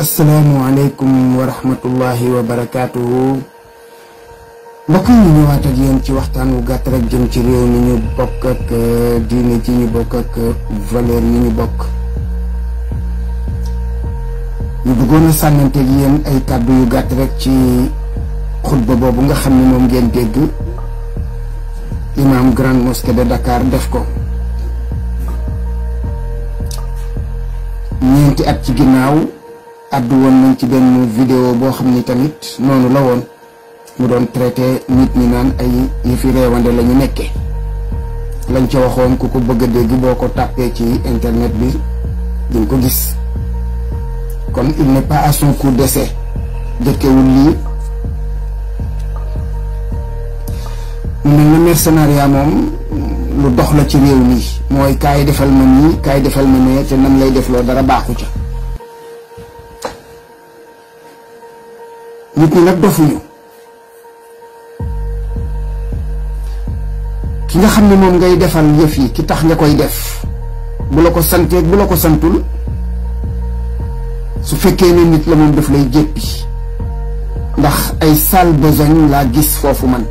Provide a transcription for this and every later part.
asalaamualeykum wa rahmatullahi wa barakaatuhu mbokk ñu ñëwaat ak yéen ci waxtaan wu gàtt rek jëm ci réew mi ñu bokk ak euh, diine ji ñu bokk ak euh, valeur yi ñu bokk ñu bëggoon a sànnante ay kàddu yu gàtt rek ci xutba boobu nga xam ne moom ngeen dégg imam grande mosquée de Dakar def ko ñeenti at ci ginnaaw addu woon nañ ci benn vidéo boo xam ni tamit noonu la woon mu doon traité nit ñi naan ay yëfi réewande la ñu nekkee lañ ca waxoon ku ko bëgg a dégg boo ko tàppee ci internet bi duñ ko gis kon il n'est pas à son coup jëkkewul lii mu mel na mercenariat moom lu dox la ci réew mi mooy kaay defal ma nii kaay defal ma nee te nam lay defloo dara baaxu ca nit ñi nag dofuñu ki nga xam ne moom ngay defal yëf yi ki tax nga koy def bu la ko santeeg bu la ko santul su fekkee ne nit la moom daf lay jéppi ndax ay sale besogne laa gis foofu man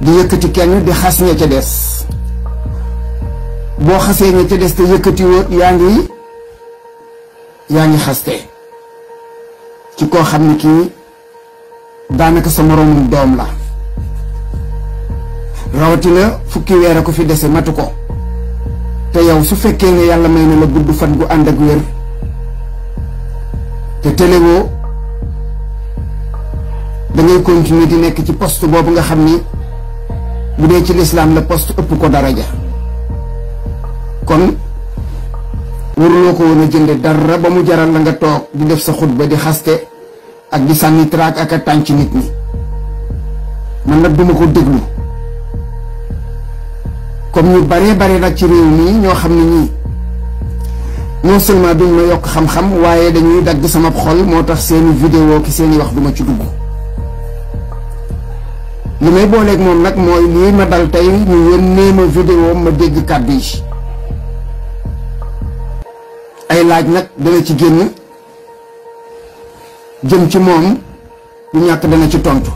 di yëkkati kenn di xas ña ca des boo xasee ña ca des te yëkkati woo yaa ngi yaa ngi xaste ci koo xam ne kii daanaka sa moroomum doom la rawatina fukki weer a ko fi dese matu ko te yow su fekkee ne yàlla may na la gudd fan gu ànd ak wér te téléwoo da ngay continuer di nekk ci poste boobu nga xam ni bu dee ci lislaam la poste ëpp ko dara daraja kon waruloo ko woon a jënde dara ba mu jaral la nga toog di def sa xutba di xaste ak di sànni traak ak a tànc nit ñi man nag duma ko déglu comme ñu bare bare nag ci réew mii ñoo xam ne ñii non seulement duñ ma yokk xam-xam waaye dañuy dagg sama xol moo tax seeni vidéo ki seeni wax duma ci dugg li may booleeg moom nag mooy lii ma dal tey ñu yónnee ma vidéo ma dégg kàddu yi ay laaj nag dana ci génn jëm ci moom lu ñàkk dana ci tontu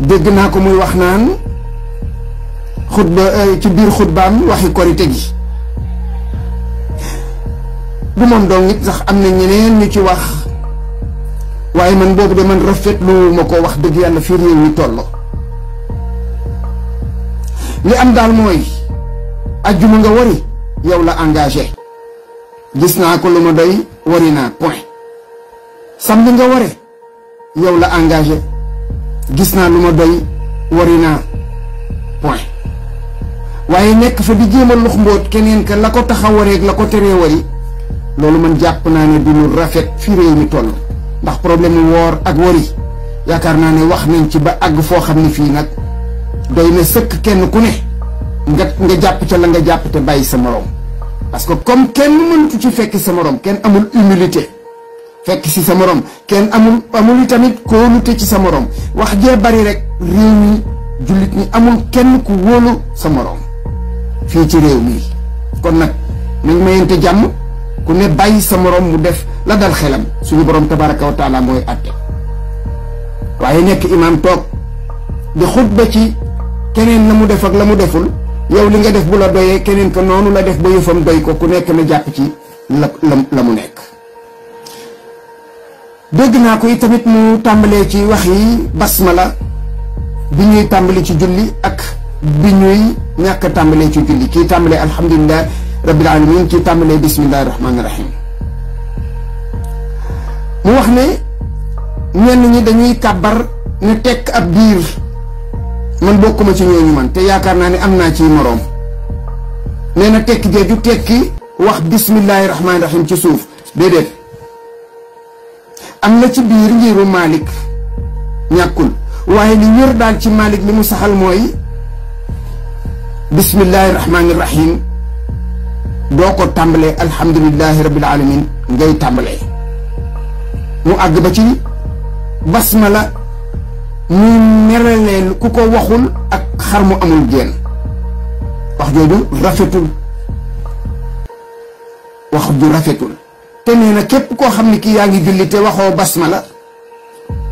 dégg naa ko muy wax naan xutba euh, ci biir xutbaam waxi korite gi du moom dong it sax am na ñeneen ñu ci wax waaye man boobu de man rafetlu ma ko wax dëgg yàlla fii réew mi tolloo li am daal mooy ajjuma nga wari yow la engage gis naa ko lu ma doy wari point nga ware yow la engagé gis naa lu ma doy wari naa point waaye nekk fa di jéem a lux mbóot keneen ka la ko taxa a la ko teree wari loolu man jàpp naa ne du lu rafet fii réew mi toll ndax problème mu woor ak wari yaakaar naa ne wax nañ ci ba àgg foo xam ne fii nag doy ne sëkk kenn ku ne nga nga jàpp ca la nga jàpp te bàyyi sa morom parce que comme kenn mënatu ci fekk sa morom kenn amul humilité fekk si sa morom kenn amul amul tamit kóolute ci sa moroom wax jee bari rek réew mi jullit ñi amul kenn ku wóolu sa morom fii ci réew mi kon nag nañ mayente jàmm ku ne bàyyi sa moroom mu def la dal xelam suñu borom tabaraka wa taala mooy àtte waaye nekk imaam toog di xutba ci keneen la mu def ak la mu deful yow li nga def bu la doyee keneen ko noonu la def ba yëfam doy ko ku nekk na jàpp ci la la mu nekk bëgg naa ko tamit mu tàmbalee ci wax yi la bi ñuy tàmbali ci julli ak bi ñuy ñàkk tàmbalee ci julli kii tàmbalee alhamdulilah rabbil alamin ci tàmbalee bismillahi rahmaani rahim mu wax ne ñenn ñi dañuy kàbbar ne tekk ab biir man bokkuma ci ñooñu man te yaakaar naa ne am naa ci moroom nee na tekki jeeju tekki wax bismillahi rahmaani ci suuf déedéet am na ci biir ngiru Malik ñàkkul waaye li wér daal ci Malik li mu saxal mooy bismillahi doo ko tàmbalee alhamdulilahi rabbil alamin ngay tàmbalee mu àgg ba ci basmala muy meraleen ku ko waxul ak xar mu amul génn wax jooju rafetul wax ju rafetul te nee képp koo xam ne kii yaa ngi julli te waxoo basmala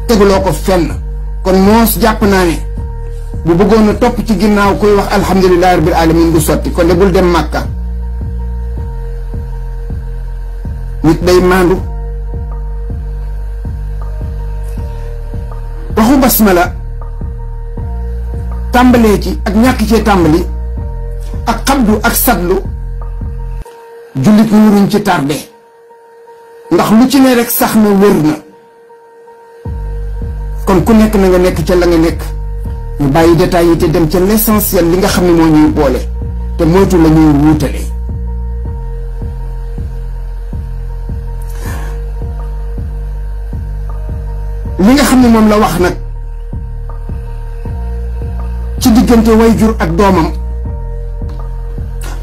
teguloo ko fenn kon moos jàpp naa ne bu bëggoon topp ci ginnaaw kuy wax alhamdulilahi rabbil alamin du sotti kon de dem màkka nit day maandu waxu basmala tàmbalee ci ak ñàkk cee tàmbali ak xabdu ak sadlu jullit ñu waruñ ci tardé ndax lu ci ne rek sax na wër na kon ku nekk na nga nekk ca la nga nekk ñu bàyyi détails yi te dem ca l'essentiel li nga xam ne moo ñuy boole te moytu la ñuy bi nga xam ne moom la wax nag ci diggante wayjur ak doomam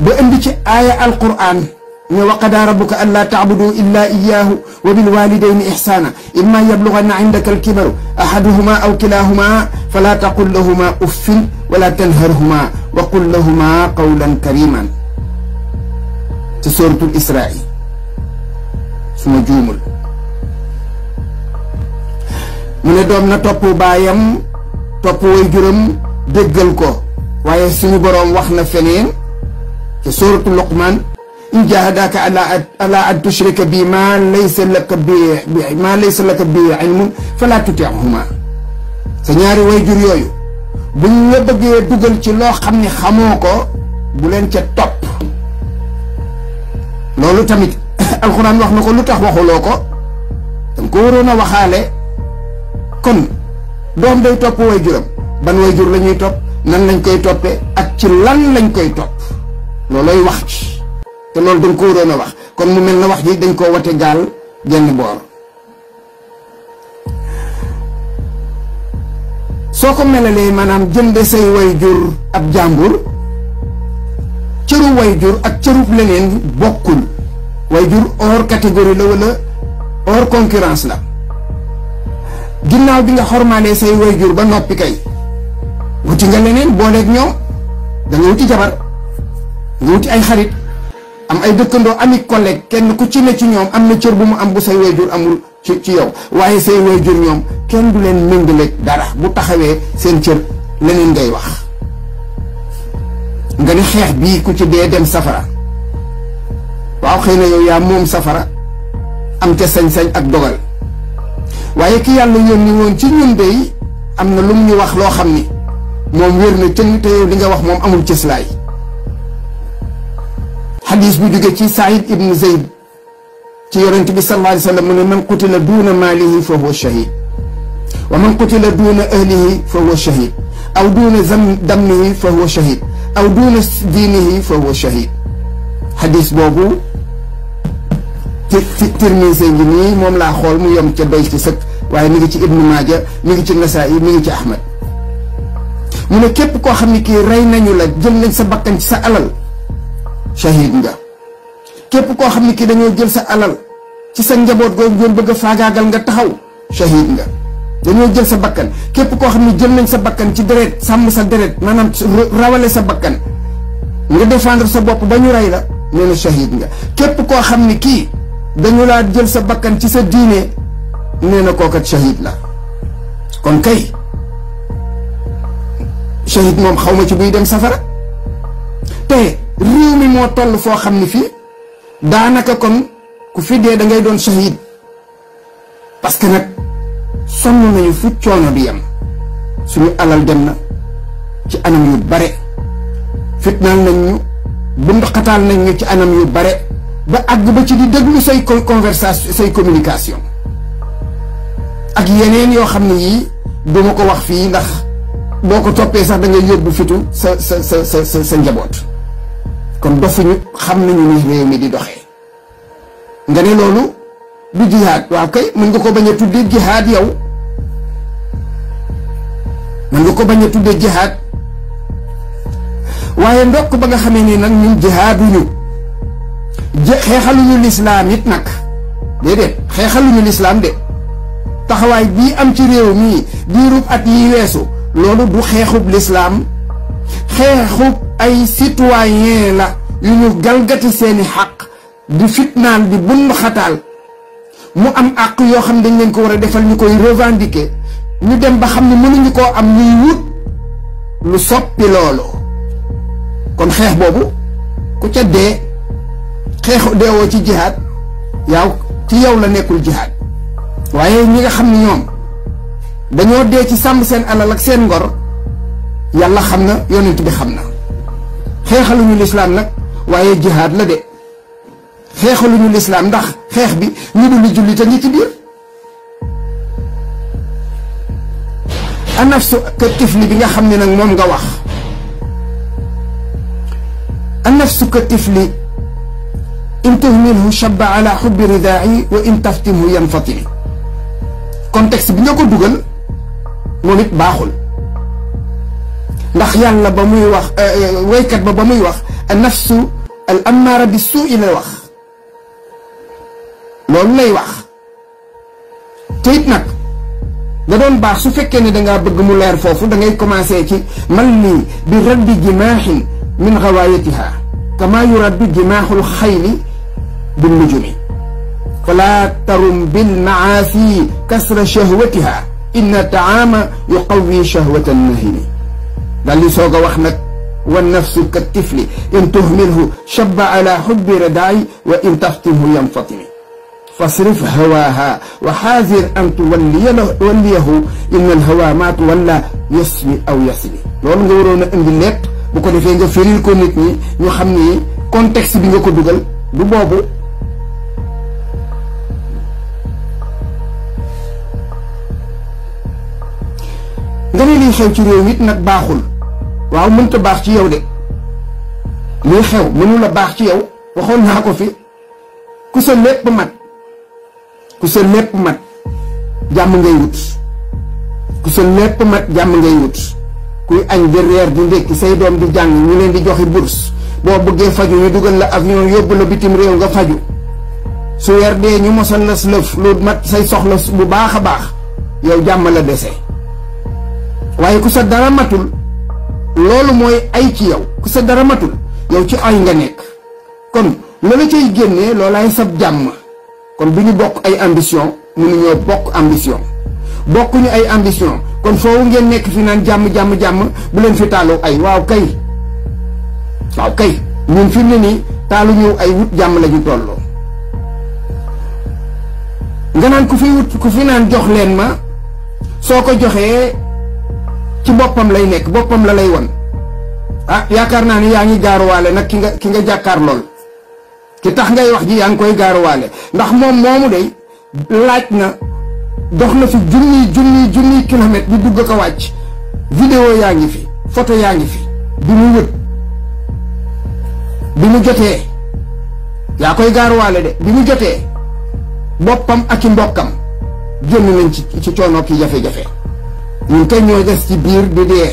ba indi ci aaya alquraan ne wa qadaa rabbuka an laa taabudu illa iyaahu wa bilwalidayni ixsaana imma yabluganna indaka alkibaru ahaduhuma aw kilaahumaa falaa taqul lahumaa uffin wala tanharhumaa wa qul lahumaa qawlan kariman ci suratul israil su ma juumul mu ne doom na topp baayam topp waajuram déggal ko waaye suñu boroom wax na feneen ci suuratu Luqmaan in jahadaaka ala an tushrika bi maa laysa laka bi maa laysa laka bi ilmun fala tutihuma sa ñaari wayjur yooyu buñ la bëggee dugal ci loo xam ne xamoo ko bu leen ca topp loolu tamit alxuraan wax na ko lu tax waxuloo ko danga ko waroon a waxaale kon doom day topp way juram ban way jur lañuy ñuy topp nan lañ koy toppee ak ci lan lañ koy topp loolooy wax ci te loolu dañ ko waroon a wax kon mu mel na wax ji dañ koo wate gaal genn boor soo ko melalee maanaam jënde say way jur ab jàmbur cëru way jur ak cërub leneen bokkul way jur hors catégorie la wala hors concurrence la ginnaaw bi nga xormaalee say wayjur ba noppi kay wuti nga leneen booleeg ñoom da nga wuti jabar nga wuti ay xarit am ay dëkkandoo ami collègue kenn ku ci ne ci ñoom am na cër bu mu am bu say wayjur amul ci yow waaye say wayjur ñoom kenn du leen méngaleeg dara bu taxawee seen cër leneen ngay wax nga ni xeex bii ku ci dee dem safara waaw xëy na yow yaa moom safara am ca sañ-sañ ak dogal waaye ki yàlla yónni woon ci ñun dey am na lu mu ñu wax loo xam ni moom wér na tënk te yow li nga wax moom amul cëslaay xadis bu jóge ci Saïd ibn Zeyd ci yonent bi sallallahu alayhi wa sallam mu ne man qutila duuna maalihi fa huwa shahid wa man qutila duuna ahlihi fa huwa shahid aw duuna damnihi fa huwa shahid aw duuna diinihi fa huwa shahid xadis boobu ci Tirmisi ngi nii moom laa xool mu yom ca doy ci sëkk waaye mi ngi ci ibnu maaja mi ngi ci yi mi ngi ci ahmad mu ne képp koo xam ne kii rey nañu la jël nañ sa bakkan ci sa alal shahid nga koo xam ne kii dañoo jël sa alal ci sa njaboot googu doon bëgg a faagaagal nga taxaw shahid nga jël sa bakkan képp koo xam ne jël nañ sa bakkan ci deret sàmm sa deret maanaam sa bakkan nga défendre sa bopp ba ñu rey la nee na shahid nga képp koo xam ne kii dañu laa jël sa bakkan ci sa diine nee na kookat shahid la kon kay shahid moom xaw ma ci buy dem safara te réew mi moo toll foo xam ne fii daanaka kon ku fi dee da ngay doon shahid parce que nag sonn nañu fu coono di yem suñu alal dem na ci anam yu bare fitnaal nañ ñu bunduxataal nañ ñu ci anam yu bare ba agg ba ci di déglu say conversation say communication ak yeneen yoo xam ne yii duma ko wax fii ndax boo ko toppee sax da ngay yóbbu fitu sa sa sa njaboot kon dofuñu xam nañu ni réew mi di doxee nga ne loolu du jihaad waaw ko bañ a tuddee yow mën ko bañ waaye ndokk ba nga xamee ni nag ñun jihaaduñu xeexaluñu lislaam it nag déedéet xeexaluñu lislaam de taxawaay bii am ci réew mii diirub at yi weesu loolu du xeexub lislaam xeexub ay citoyen la yu ñu galgati seeni xaq di fitnaal di bund mu am àq yoo xam dañ leen ko war a defal ñu koy revendiquer ñu dem ba xam ne mënuñu koo am ñuy wut lu soppi loolu kon xeex boobu ku ca dee xeexu deewoo ci jihaad yaaw ci yow la nekkul jihaad waaye ñi nga xam ne ñoom dañoo dee ci sàmm seen alal seen ngor yàlla xam na yonent bi xam na xeexaluñu lislaam nag waaye jihaad la de xeexaluñu lislaam ndax xeex bi ñu dul jullit a ngi ci biir anafsu ka tifli bi nga xam ne nag moom nga wax a anafsu ka tifli in tuhmilhu shabba ala xubbi ridaa'i wa in taftimhu yanfatimi contexte bi nga ko dugal moom it baaxul ndax la ba muy wax euh, euh, waykat ba ba muy wax nafsu al ammaara bi suu i lay wax loolu lay wax te it nag doon baax su fekkee ne dangaa bëgg mu leer foofu da ngay commencé ci man lii bi raddi jimaahin min gawaayatiha kama yuraddu jimaaxul xayli bi nujumi fala tarum bilmaasi kasra shahwatiha inna taama yuqawi shahwata nahini daal li soog a wax nag wa nafsu ka tifli in tuhmilhu shabba ala hubbi radaay wa in taftimhu yanfatimi fasrif hawaaha wa xaazir an tuwalliyahu inna alhawa ma tuwalla yaswi aw yaswi loolu nga waroon a indi lépp bu ko defee nga firil ko nit ñi ñu xam ni contexte bi nga ko dugal du boobu nga ne liy xew ci réew mi nag baaxul waaw mënta baax ci yow de liy xew mënul a baax ci yow waxoon naa ko fi ku sa lépp mat ku sa lépp mat jàmm ngay wut ku sa lépp mat jàmm ngay wut kuy añ di reer di ndékki say doom di jàng ñu leen di joxi bourse boo bëggee faju ñu dugal la avion yóbbu la bitim réew nga faju su weer dee ñu mosal la lëf lu mat say soxla bu baax a baax yow jàmm la dese waaye ku sa dara matul loolu mooy ay ci yow ku sa dara matul yow ci ay nga nekk kon loola cay génnee loolaay sab jàmm kon bi ñu bokk ay ambition mënuñoo bokk ambition bokkuñu ay ambition kon foofu ngeen nekk fi naan jàmm jàmm jàmm bu leen fi taalu ay waaw kay waaw kay ñun fi ne nii taalu ñu ay wut jàmm la ñu tolloo nga naan ku fi wut ku fi naan jox leen ma soo ko joxee ci boppam lay nekk boppam la lay won ah yaakaar naa ni yaa ngi gaaruwaale nag ki nga ki nga jàkkaar lool ki tax ngay wax ji yaa ngi koy gaaruwaale ndax moom moomu day laaj na dox na fi junniy junniy junniy kilomètre di dugg ko wàcc vidéo yaa ngi fi photo yaa ngi fi bi mu wët bi mu jotee yaa koy gaaruwaale de bi mu jotee boppam ak i mbokkam génn nañ ci ci coono ki jafe-jafe ñun kay ñooy ges ci biir di dee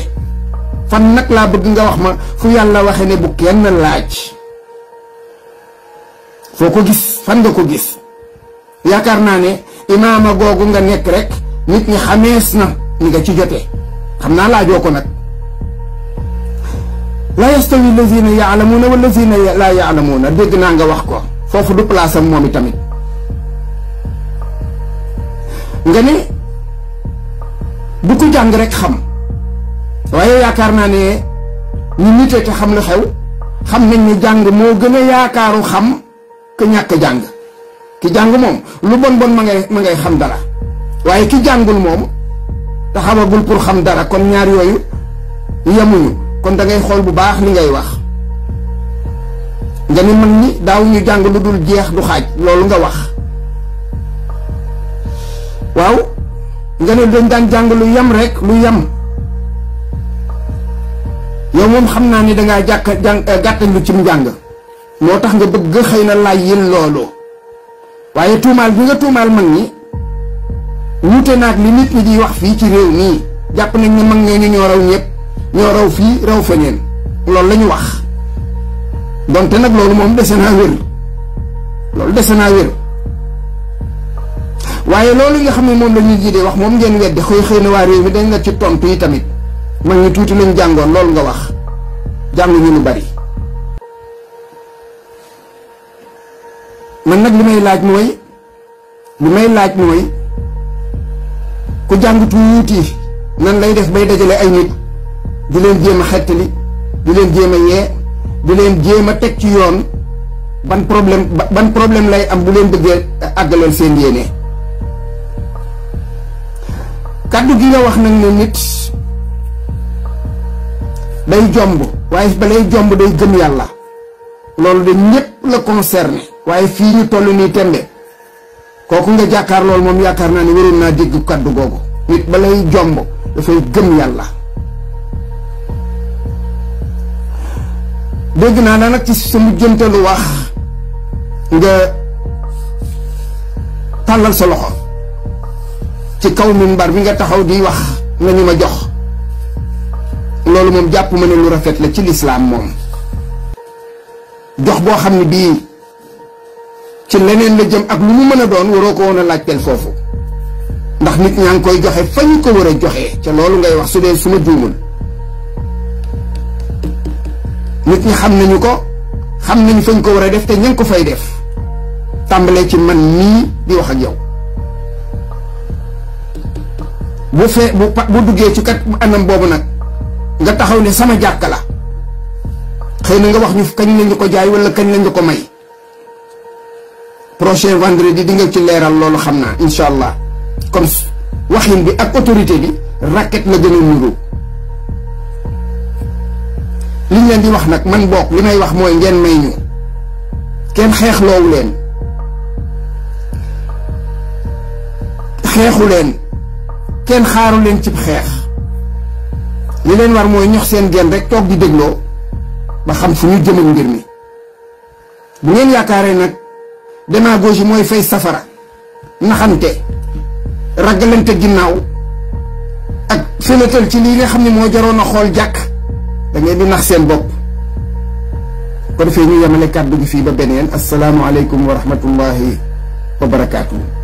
fan nag laa bëgg nga wax ma fu yàlla waxe ne bu kenn laaj foo ko gis fan nga ko gis yaakaar naa ne imaama googu nga nekk rekk nit ñi xamees na ni nga ci jote xam naa laajoo ko nag la yastawi lazina yaalamuuna wa lazina laa yaalamuuna dégg naa nga wax ko foofu du place moom i tamit nga ne bu ko jàng rek xam waaye yaakaar naa ne ñu nitee te xam la xew xam nañ ne jàng moo gën a yaakaaru xam que ñàkk jàng ki jàng moom lu bon bon ma ngay ma ngay xam dara waaye ki jàngul moom taxawagul pour xam dara kon ñaar yooyu yemuñu kon dangay xool bu baax ni ngay wax nga ni mag ñi daaw jàng lu dul jeex du xaaj loolu nga wax waaw nga ne dañ daan jàng lu yem rek lu yem yow moom xam naa ni dangaa jàkk jàng euh, gàttañ lu cim njàng moo tax nga bëgg xëy na laaj yéen loolu waaye tuumaal bi nga tuumaal mag ñi wuute naag li nit ñi di wax fii ci réew mii jàpp nañ ne mag ñooñu ñoo raw ñëpp ñoo raw fii raw feneen loolu la ñu wax donte nag loolu moom dese naa wér loolu dese naa wér waaye loolu nga xam ne moom la ñuy jiite wax moom ngeen weddi xëy xëy na waa réew mi dañ la ci tontu yi tamit mag ñu tuuti lañ jàngoon loolu nga wax jàngu ñu lu bari man nag li may laaj mooy li may laaj mooy ku jàng wuuti nan lay def bay dajale ay nit di leen jéem a xettali di leen jéem a yee di leen jéem a teg ci yoon ban problème ban problème lay am bu leen bëggee àggaleel seen yéene. kaddu gi nga wax nag ne nit day jomb waaye balay jomb day gëm yàlla loolu de ñépp la concerné waaye fii ñu toll nii tembe kooku nga jàkkaar loolu moom yaakaar naa ne waroon naa dégg kàddu googu nit balay jomb dafay gëm yàlla dégg naa la nag ci sa mujjante lu wax nga tàllal sa loxo ci kaw minbar bi nga taxaw di wax nañu ma jox loolu moom jàpp ma ne lu rafet la ci lislaam moom jox boo xam ne bii ci leneen la jëm ak lu mu mën a doon waroo ko woon a laajteel foofu ndax nit ñaa ngi koy joxe fa ko war a joxe ca loolu ngay wax su dee su ma nit ñi xam nañu ko xam nañ fañ ko war a def te ña ko fay def tàmbalee ci man nii di wax ak yow bu fee bu bu duggee ci kat anam boobu nag nga taxaw ne sama jàkka la xëy na nga wax ñu kañ lañu ko jaay wala kañ lañu ko may prochain vendredi di nga ci leeral loolu xam naa incha allah kon waxin bi ak autorité bi racket la gën a nuru li leen di wax nag man bokk li may wax mooy ngeen may ñu kenn xeexloowu leen xeexu leen kenn xaaru leen cib xeex li leen war mooy ñox seen genn rek toog di dégloo ba xam fu ñu jëm ak mi bu ngeen yaakaaree nag démagogie mooy fay safara naxante ragalante ginnaaw ak félatal ci lii nga xam ne moo jaroon a xool jàkk da di nax seen bopp ko defee ñu yemale kàddu fii ba beneen asalaamualeykum wa rahmatullahi wa barakaatu.